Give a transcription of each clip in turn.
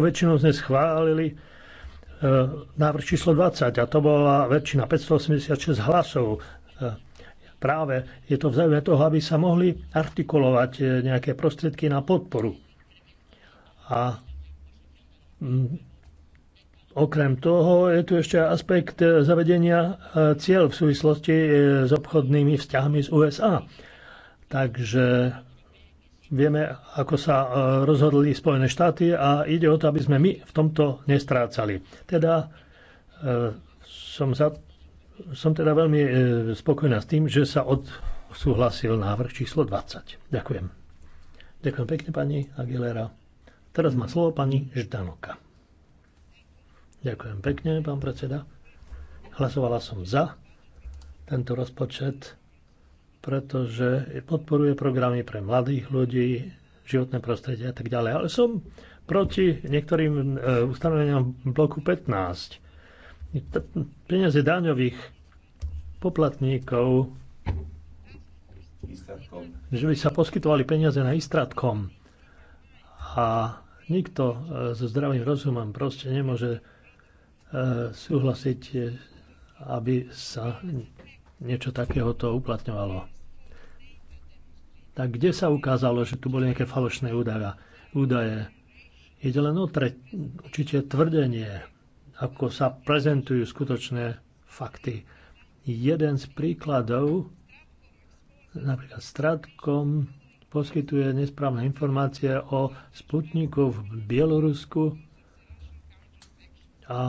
väčšinou sme schválili e, návrh číslo 20 a to bola väčšina 586 hlasov. E, práve je to v toho, aby sa mohli artikulovať e, nejaké prostriedky na podporu. A Okrem toho je tu ešte aspekt zavedenia cieľ v súvislosti s obchodnými vzťahmi z USA. Takže Vieme, ako sa e, rozhodli Spojené štáty a ide o to, aby sme my v tomto nestrácali. Teda e, som, za, som teda veľmi e, spokojná s tým, že sa odsúhlasil návrh číslo 20. Ďakujem. Ďakujem pekne, pani Aguilera. Teraz má slovo pani Ždanoka. Ďakujem pekne, pán predseda. Hlasovala som za tento rozpočet pretože podporuje programy pre mladých ľudí, životné prostredie a tak ďalej. Ale som proti niektorým e, ustanoveniam bloku 15. Peniaze daňových poplatníkov, Istratkom. že by sa poskytovali peniaze na Istratkom. A nikto e, so zdravým rozumom proste nemôže e, súhlasiť, aby sa niečo takéhoto uplatňovalo. Tak kde sa ukázalo, že tu boli nejaké falošné údaje? údaje? Ide len o tre, určite tvrdenie, ako sa prezentujú skutočné fakty. Jeden z príkladov, napríklad Stratkom, poskytuje nesprávne informácie o sputniku v Bielorusku a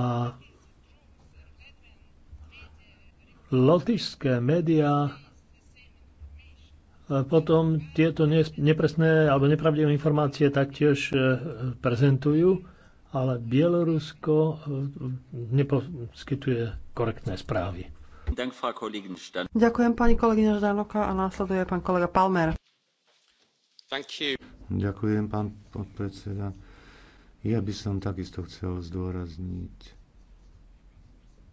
Lotišské médiá potom tieto nepresné alebo nepravdivé informácie taktiež e, prezentujú, ale Bielorusko e, neposkytuje korektné správy. Ďakujem pani kolegyňa Ždanoka a následuje pán kolega Palmer. Ďakujem, pán podpredseda. Ja by som takisto chcel zdôrazniť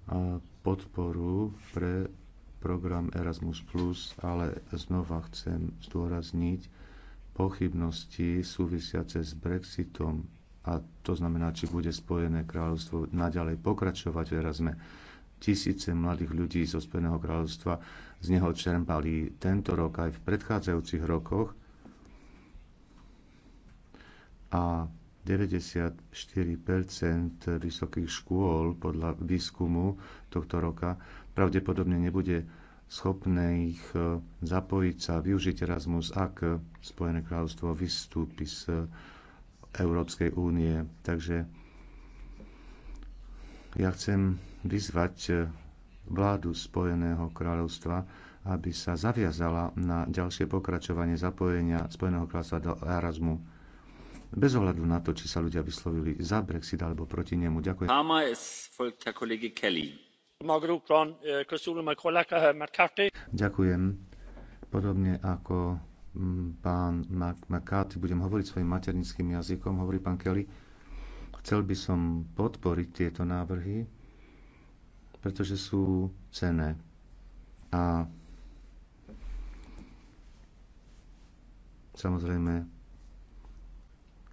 a podporu pre program Erasmus+, ale znova chcem zdôrazniť pochybnosti súvisiace s Brexitom a to znamená, či bude Spojené kráľovstvo naďalej pokračovať v Erasme. Tisíce mladých ľudí zo Spojeného kráľovstva z neho čerpali tento rok aj v predchádzajúcich rokoch a 94 vysokých škôl podľa výskumu tohto roka pravdepodobne nebude schopné ich e, zapojiť sa, využiť Erasmus, ak Spojené kráľovstvo vystúpi z Európskej únie. Takže ja chcem vyzvať e, vládu Spojeného kráľovstva, aby sa zaviazala na ďalšie pokračovanie zapojenia Spojeného kráľovstva do Erasmu bez ohľadu na to, či sa ľudia vyslovili za Brexit alebo proti nemu. Ďakujem. Ďakujem. Podobne ako mm, pán McCarthy, budem hovoriť svojim materinským jazykom, hovorí pán Kelly. Chcel by som podporiť tieto návrhy, pretože sú cené. A samozrejme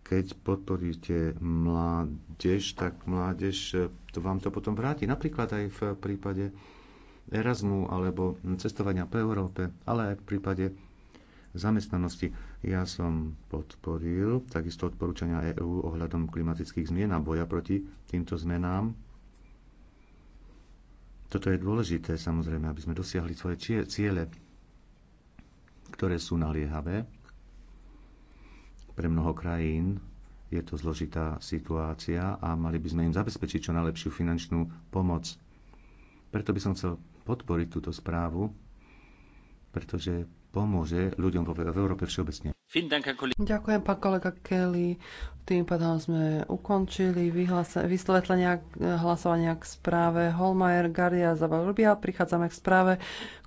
keď podporíte mládež, tak mládež e, to vám to potom vráti. Napríklad aj v prípade Erasmu alebo cestovania po Európe, ale aj v prípade zamestnanosti. Ja som podporil takisto odporúčania EÚ ohľadom klimatických zmien a boja proti týmto zmenám. Toto je dôležité, samozrejme, aby sme dosiahli svoje ciele, ktoré sú naliehavé pre mnoho krajín je to zložitá situácia a mali by sme im zabezpečiť čo najlepšiu finančnú pomoc. Preto by som chcel podporiť túto správu, pretože pomôže ľuďom v Európe všeobecne. Ďakujem, pán kolega Kelly. Tým pádom sme ukončili vysvetlenia hlasovania k správe Holmajer Gardia Zabalrubia. Prichádzame k správe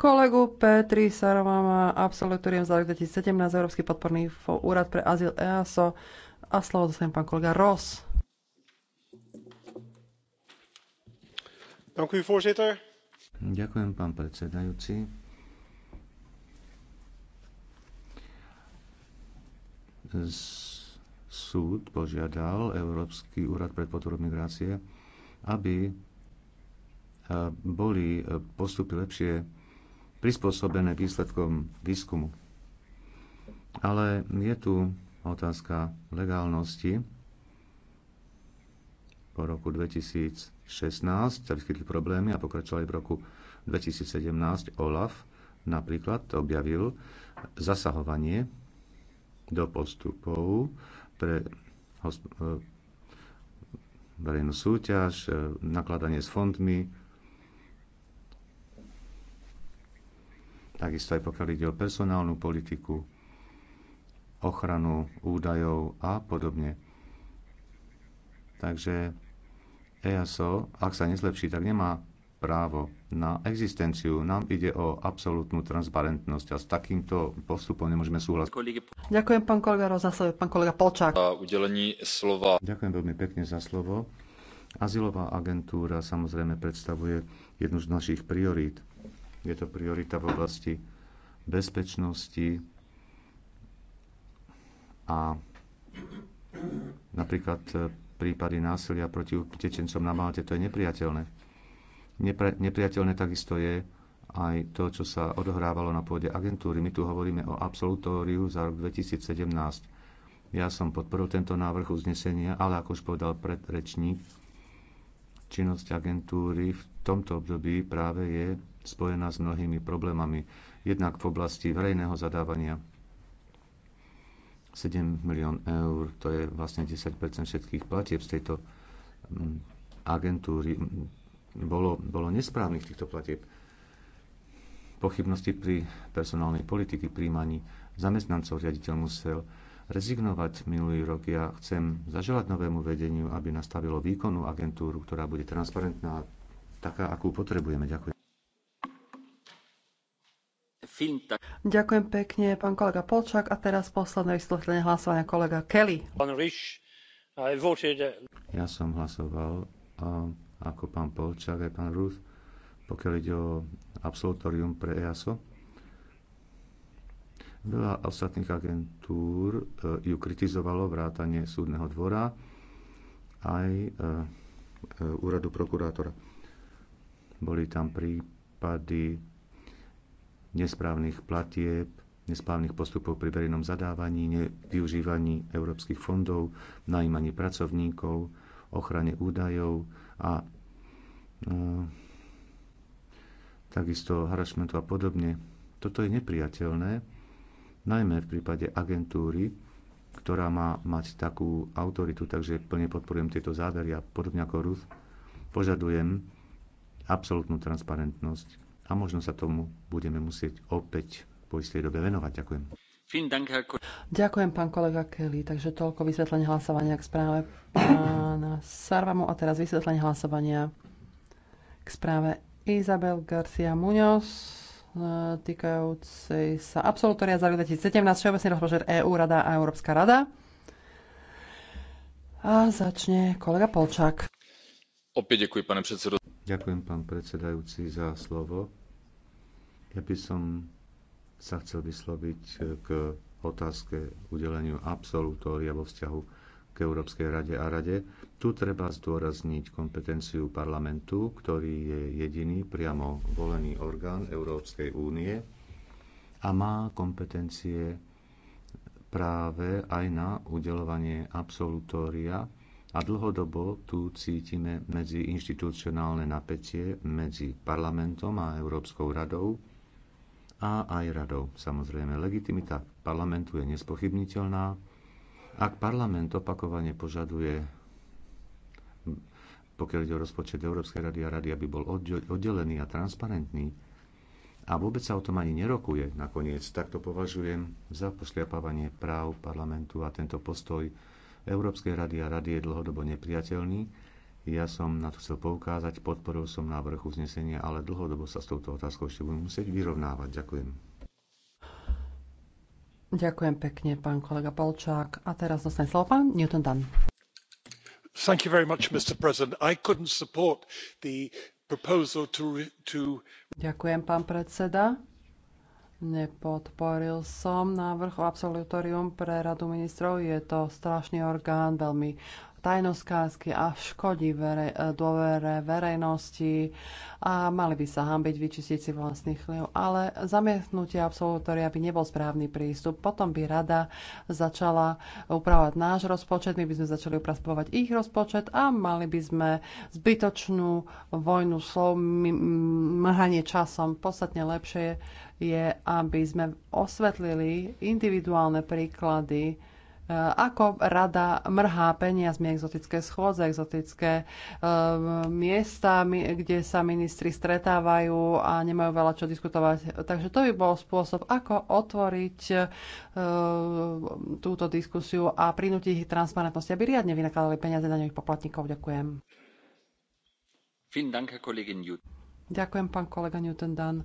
kolegu Petri Sarovama, absolutorium za rok 2017, Európsky podporný úrad pre azyl EASO. A slovo dostane pán kolega Ross. Ďakujem, pán predsedajúci. súd požiadal Európsky úrad pre podporu migrácie, aby e, boli e, postupy lepšie prispôsobené výsledkom výskumu. Ale je tu otázka legálnosti. Po roku 2016 sa vyskytli problémy a pokračovali v roku 2017 OLAF napríklad objavil zasahovanie do postupov pre e, verejnú súťaž, e, nakladanie s fondmi, takisto aj pokiaľ ide o personálnu politiku, ochranu údajov a podobne. Takže EASO, ak sa nezlepší, tak nemá právo na existenciu. Nám ide o absolútnu transparentnosť a s takýmto postupom nemôžeme súhlasiť. Ďakujem, pán kolega Rozasov, pán kolega Polčák. A udelení slova. Ďakujem veľmi pekne za slovo. Azylová agentúra samozrejme predstavuje jednu z našich priorít. Je to priorita v oblasti bezpečnosti a napríklad prípady násilia proti utečencom na Malte, to je nepriateľné Nepriateľné takisto je aj to, čo sa odohrávalo na pôde agentúry. My tu hovoríme o absolutóriu za rok 2017. Ja som podporil tento návrh uznesenia, ale ako už povedal predrečník, činnosť agentúry v tomto období práve je spojená s mnohými problémami, jednak v oblasti verejného zadávania. 7 milión eur, to je vlastne 10 všetkých platieb z tejto mm, agentúry bolo, bolo nesprávnych týchto platieb. Pochybnosti pri personálnej politiky príjmaní zamestnancov riaditeľ musel rezignovať minulý rok. Ja chcem zaželať novému vedeniu, aby nastavilo výkonnú agentúru, ktorá bude transparentná, taká, akú potrebujeme. Ďakujem. Ďakujem pekne, pán kolega Polčák. A teraz posledné vysvetlenie hlasovania kolega Kelly. Ja som hlasoval ako pán Polčák aj pán Ruth, pokiaľ ide o absolutorium pre EASO. Veľa ostatných agentúr eh, ju kritizovalo vrátanie súdneho dvora aj eh, úradu prokurátora. Boli tam prípady nesprávnych platieb, nesprávnych postupov pri verejnom zadávaní, využívaní európskych fondov, najímaní pracovníkov, ochrane údajov, a e, takisto harassmentu a podobne. Toto je nepriateľné, najmä v prípade agentúry, ktorá má mať takú autoritu, takže plne podporujem tieto závery a podobne ako Ruth požadujem absolútnu transparentnosť a možno sa tomu budeme musieť opäť po istej dobe venovať. Ďakujem. Ďakujem, pán kolega Kelly. Takže toľko vysvetlenie hlasovania k správe pána Sarvamu a teraz vysvetlenie hlasovania k správe Isabel Garcia Muñoz e, týkajúcej sa absolutoria za rok 2017 Všeobecný rozpočet EÚ, Rada a Európska rada. A začne kolega Polčák. Opäť ďakujem, pane predsedo. Ďakujem, pán predsedajúci, za slovo. Ja by som sa chcel vysloviť e, k otázke udeleniu absolutória vo vzťahu k Európskej rade a rade. Tu treba zdôrazniť kompetenciu parlamentu, ktorý je jediný priamo volený orgán Európskej únie a má kompetencie práve aj na udelovanie absolutória a dlhodobo tu cítime medzi inštitucionálne napätie medzi parlamentom a Európskou radou a aj radou. Samozrejme, legitimita parlamentu je nespochybniteľná. Ak parlament opakovane požaduje, pokiaľ ide o rozpočet Európskej rady a rady, aby bol oddelený a transparentný, a vôbec sa o tom ani nerokuje nakoniec, tak to považujem za pošliapávanie práv parlamentu a tento postoj Európskej rady a rady je dlhodobo nepriateľný ja som na to chcel poukázať, podporil som návrh uznesenia, ale dlhodobo sa s touto otázkou ešte budem musieť vyrovnávať. Ďakujem. Ďakujem pekne, pán kolega Polčák. A teraz dostane slovo pán Newton Dan. Thank you very much, Mr. President. I couldn't support the proposal to, to... Ďakujem, pán predseda. Nepodporil som návrh o absolutorium pre Radu ministrov. Je to strašný orgán, veľmi tajnoskázky a škodí verej, dôvere verejnosti a mali by sa hambiť vyčistiť si vlastný chliev. Ale zamietnutie absolutória by nebol správny prístup. Potom by rada začala upravovať náš rozpočet, my by sme začali upravovať ich rozpočet a mali by sme zbytočnú vojnu slov, mrhanie časom. Podstatne lepšie je, aby sme osvetlili individuálne príklady Eh, ako rada mrhá peniazmi exotické schôdze, exotické eh, miesta, kde sa ministri stretávajú a nemajú veľa čo diskutovať. Takže to by bol spôsob, ako otvoriť eh, túto diskusiu a prinútiť ich transparentnosti, aby riadne vynakladali peniaze daňových poplatníkov. Ďakujem. Ďakujem, pán kolega Newton Dan.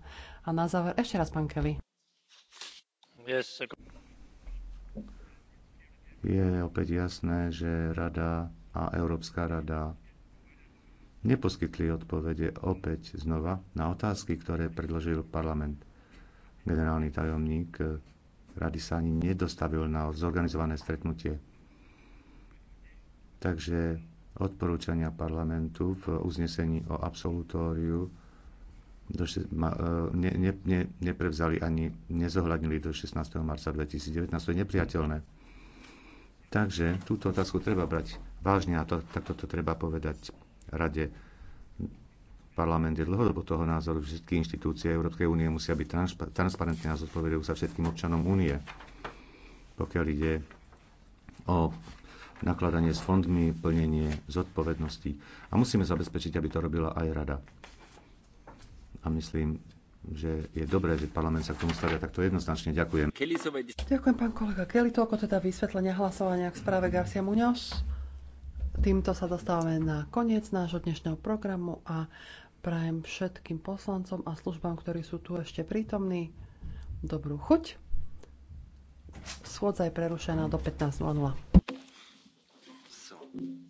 A na záver ešte raz pán Kelly. Yes, je opäť jasné, že Rada a Európska rada neposkytli odpovede opäť znova na otázky, ktoré predložil parlament. Generálny tajomník rady sa ani nedostavil na zorganizované stretnutie. Takže odporúčania parlamentu v uznesení o absolutóriu e, neprevzali ani nezohľadnili do 16. marca 2019. To je nepriateľné Takže túto otázku treba brať vážne a takto to treba povedať Rade. Parlament je dlhodobo toho názoru, že všetky inštitúcie Európskej únie musia byť transpa- transparentné a zodpovedajú sa všetkým občanom únie. Pokiaľ ide o nakladanie s fondmi, plnenie zodpovedností. A musíme zabezpečiť, aby to robila aj rada. A myslím, že je dobré, že parlament sa k tomu stavia takto jednoznačne. Ďakujem. Ďakujem, pán kolega Keli Toľko teda vysvetlenia hlasovania k správe Garcia Muñoz. Týmto sa dostávame na koniec nášho dnešného programu a prajem všetkým poslancom a službám, ktorí sú tu ešte prítomní, dobrú chuť. Schôdza je prerušená do 15.00.